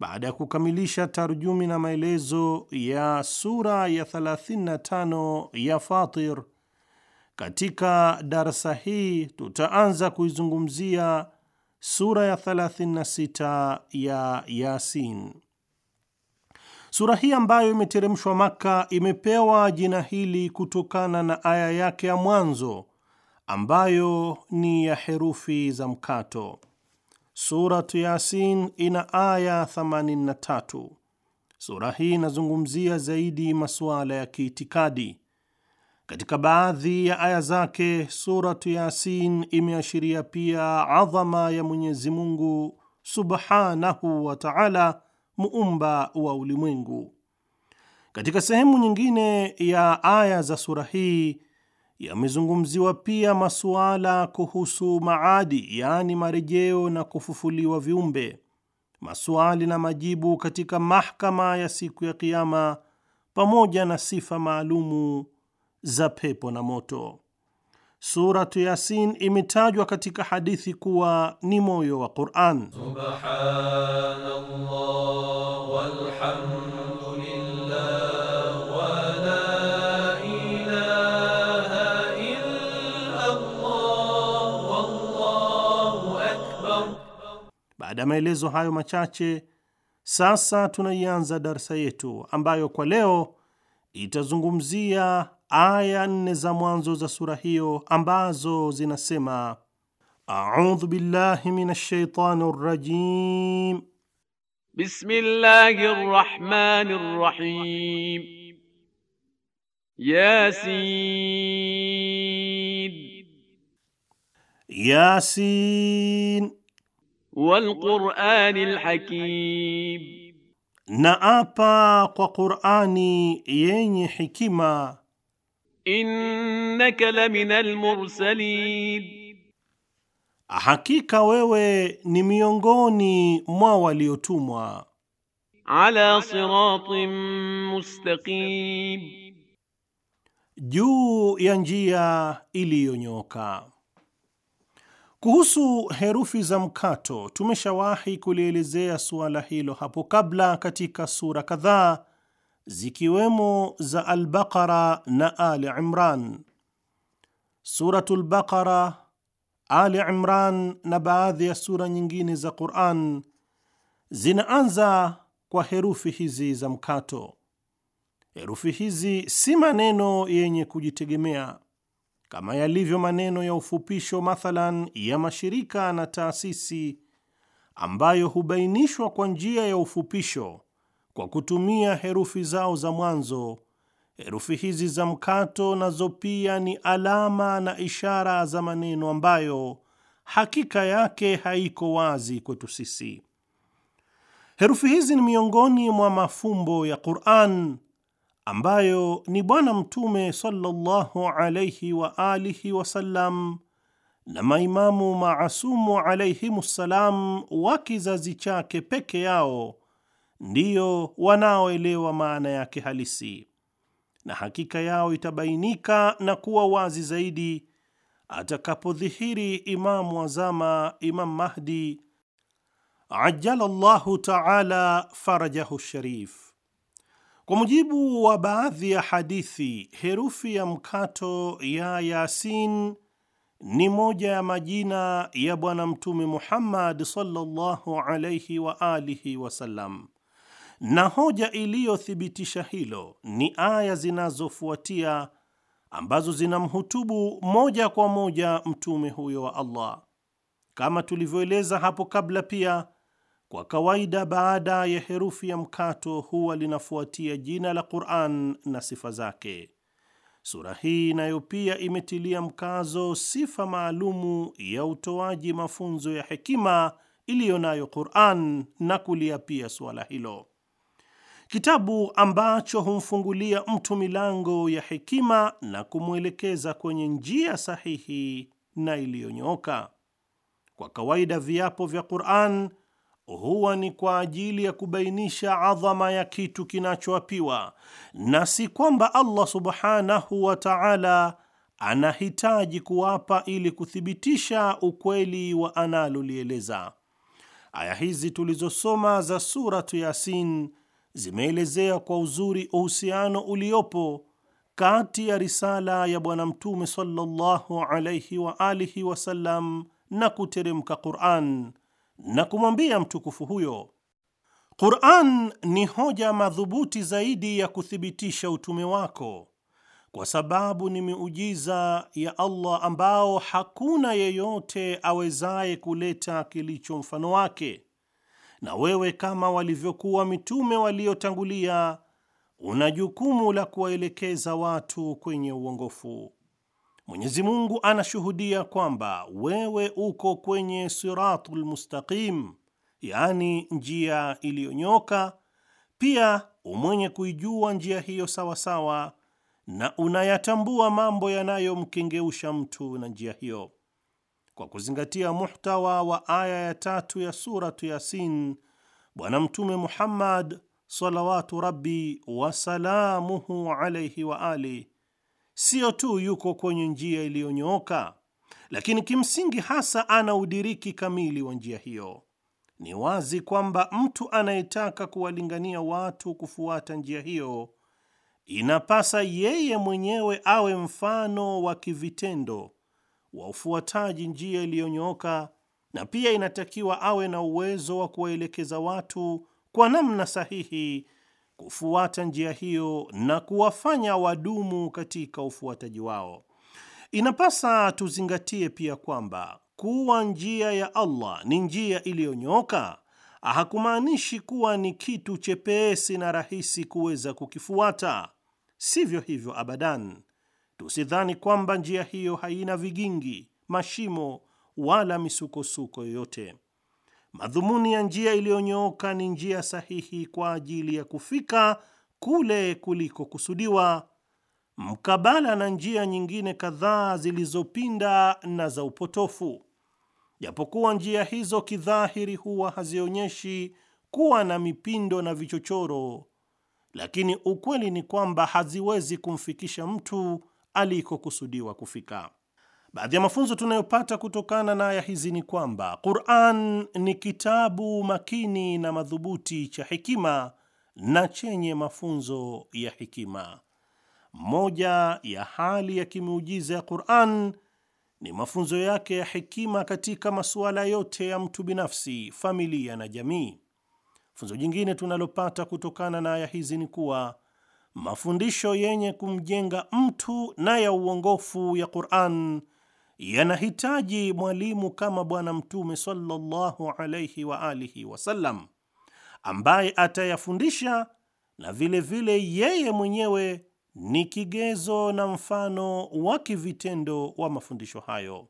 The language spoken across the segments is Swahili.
baada ya kukamilisha tarjumi na maelezo ya sura ya 35 ya Fatir, katika darsa hii tutaanza kuizungumzia sura ya 36 ya Yasin. Sura hii ambayo imeteremshwa Maka imepewa jina hili kutokana na aya yake ya mwanzo ambayo ni ya herufi za mkato. Suratu Yasin ina aya 83. Sura hii inazungumzia zaidi masuala ya kiitikadi. Katika baadhi ya aya zake, Suratu Yasin imeashiria pia adhama ya Mwenyezi Mungu subhanahu wa taala, muumba wa ulimwengu. Katika sehemu nyingine ya aya za sura hii yamezungumziwa pia masuala kuhusu maadi, yaani marejeo na kufufuliwa viumbe, maswali na majibu katika mahakama ya siku ya Kiama, pamoja na sifa maalumu za pepo na moto. Suratu Yasin imetajwa katika hadithi kuwa ni moyo wa Quran. Subhanallah ya maelezo hayo machache, sasa tunaianza darsa yetu ambayo kwa leo itazungumzia aya nne za mwanzo za sura hiyo ambazo zinasema: audhu billahi minash shaitani rrajim bismillahi rrahmani rrahim yasin yasin wal Qur'anil na apa kwa Qur'ani yenye hikima. Innaka laminal mursalin, hakika wewe ni miongoni mwa waliotumwa. Ala siratin mustaqim, juu ya njia iliyonyoka. Kuhusu herufi za mkato tumeshawahi kulielezea suala hilo hapo kabla katika sura kadhaa zikiwemo za albaara na Ali Imran. Suratul Baqara, Ali Imran na baadhi ya sura nyingine za Qur'an zinaanza kwa herufi hizi za mkato. Herufi hizi si maneno yenye kujitegemea kama yalivyo maneno ya ufupisho mathalan ya mashirika na taasisi ambayo hubainishwa kwa njia ya ufupisho kwa kutumia herufi zao za mwanzo. Herufi hizi za mkato nazo pia ni alama na ishara za maneno ambayo hakika yake haiko wazi kwetu sisi. Herufi hizi ni miongoni mwa mafumbo ya Qur'an ambayo ni Bwana Mtume sallallahu alayhi wa alihi wasallam na maimamu maasumu alayhimussalam wa kizazi chake peke yao ndiyo wanaoelewa maana yake halisi, na hakika yao itabainika na kuwa wazi zaidi atakapodhihiri Imamu azama Imam Mahdi ajala taala farajahu sharif. Kwa mujibu wa baadhi ya hadithi, herufi ya mkato ya Yasin ni moja ya majina ya Bwana Mtume Muhammad sallallahu alayhi wa alihi wasallam, na hoja iliyothibitisha hilo ni aya zinazofuatia ambazo zinamhutubu moja kwa moja mtume huyo wa Allah. Kama tulivyoeleza hapo kabla, pia kwa kawaida baada ya herufi ya mkato huwa linafuatia jina la Qur'an na sifa zake. Sura hii nayo pia imetilia mkazo sifa maalumu ya utoaji mafunzo ya hekima iliyo nayo Qur'an na kuliapia suala hilo, kitabu ambacho humfungulia mtu milango ya hekima na kumwelekeza kwenye njia sahihi na iliyonyooka. Kwa kawaida viapo vya Qur'an huwa ni kwa ajili ya kubainisha adhama ya kitu kinachoapiwa na si kwamba Allah subhanahu wa ta'ala anahitaji kuwapa ili kuthibitisha ukweli wa analolieleza. Aya hizi tulizosoma za Suratu Yasin zimeelezea kwa uzuri uhusiano uliopo kati ya risala ya Bwana Mtume sallallahu alaihi wa alihi wasallam na kuteremka Quran na kumwambia mtukufu huyo, Qur'an ni hoja madhubuti zaidi ya kuthibitisha utume wako, kwa sababu ni miujiza ya Allah ambao hakuna yeyote awezaye kuleta kilicho mfano wake, na wewe kama walivyokuwa mitume waliotangulia, una jukumu la kuwaelekeza watu kwenye uongofu. Mwenyezi Mungu anashuhudia kwamba wewe uko kwenye siratul mustaqim, yaani njia iliyonyoka. Pia umwenye kuijua njia hiyo sawasawa, na unayatambua mambo yanayomkengeusha mtu na njia hiyo. Kwa kuzingatia muhtawa wa aya ya tatu ya suratu Yasin, Bwana Mtume Muhammad salawatu rabbi wasalamuhu alaihi wa alihi sio tu yuko kwenye njia iliyonyooka, lakini kimsingi hasa ana udiriki kamili wa njia hiyo. Ni wazi kwamba mtu anayetaka kuwalingania watu kufuata njia hiyo inapasa yeye mwenyewe awe mfano wa kivitendo wa ufuataji njia iliyonyooka, na pia inatakiwa awe na uwezo wa kuwaelekeza watu kwa namna sahihi kufuata njia hiyo na kuwafanya wadumu katika ufuataji wao. Inapasa tuzingatie pia kwamba kuwa njia ya Allah ni njia iliyonyoka hakumaanishi kuwa ni kitu chepesi na rahisi kuweza kukifuata. Sivyo hivyo abadan. Tusidhani kwamba njia hiyo haina vigingi, mashimo wala misukosuko yoyote. Madhumuni ya njia iliyonyooka ni njia sahihi kwa ajili ya kufika kule kulikokusudiwa, mkabala na njia nyingine kadhaa zilizopinda na za upotofu. Japokuwa njia hizo kidhahiri huwa hazionyeshi kuwa na mipindo na vichochoro, lakini ukweli ni kwamba haziwezi kumfikisha mtu alikokusudiwa kufika. Baadhi ya mafunzo tunayopata kutokana na aya hizi ni kwamba Qur'an ni kitabu makini na madhubuti cha hekima na chenye mafunzo ya hekima. Moja ya hali ya kimeujiza ya Qur'an ni mafunzo yake ya hekima katika masuala yote ya mtu binafsi, familia na jamii. Funzo jingine tunalopata kutokana na aya hizi ni kuwa mafundisho yenye kumjenga mtu na ya uongofu ya Qur'an yanahitaji mwalimu kama Bwana Mtume sallallahu alaihi wa alihi wasallam, ambaye atayafundisha na vilevile vile yeye mwenyewe ni kigezo na mfano wa kivitendo wa mafundisho hayo.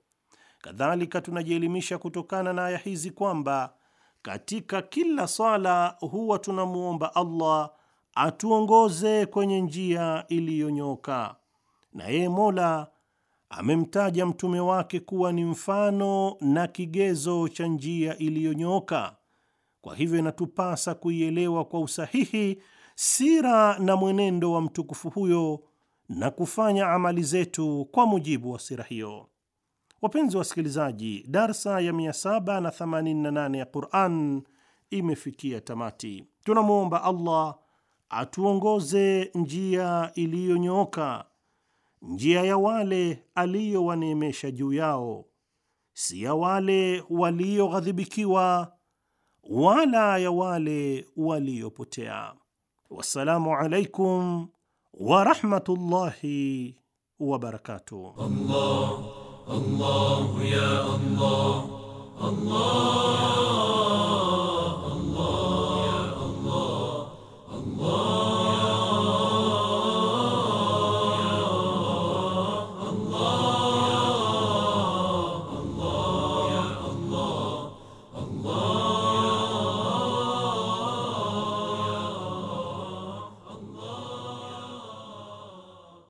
Kadhalika, tunajielimisha kutokana na aya hizi kwamba katika kila swala huwa tunamwomba Allah atuongoze kwenye njia iliyonyoka, na yeye Mola amemtaja mtume wake kuwa ni mfano na kigezo cha njia iliyonyooka. Kwa hivyo inatupasa kuielewa kwa usahihi sira na mwenendo wa mtukufu huyo na kufanya amali zetu kwa mujibu wa sira hiyo. Wapenzi wasikilizaji, darsa ya 788 ya Quran imefikia tamati. Tunamwomba Allah atuongoze njia iliyonyooka njia ya wale aliyowaneemesha juu yao, si ya wale walioghadhibikiwa wala ya wale waliopotea. Wassalamu alaikum wa rahmatullahi Allah, Allah, ya Allah, Allah.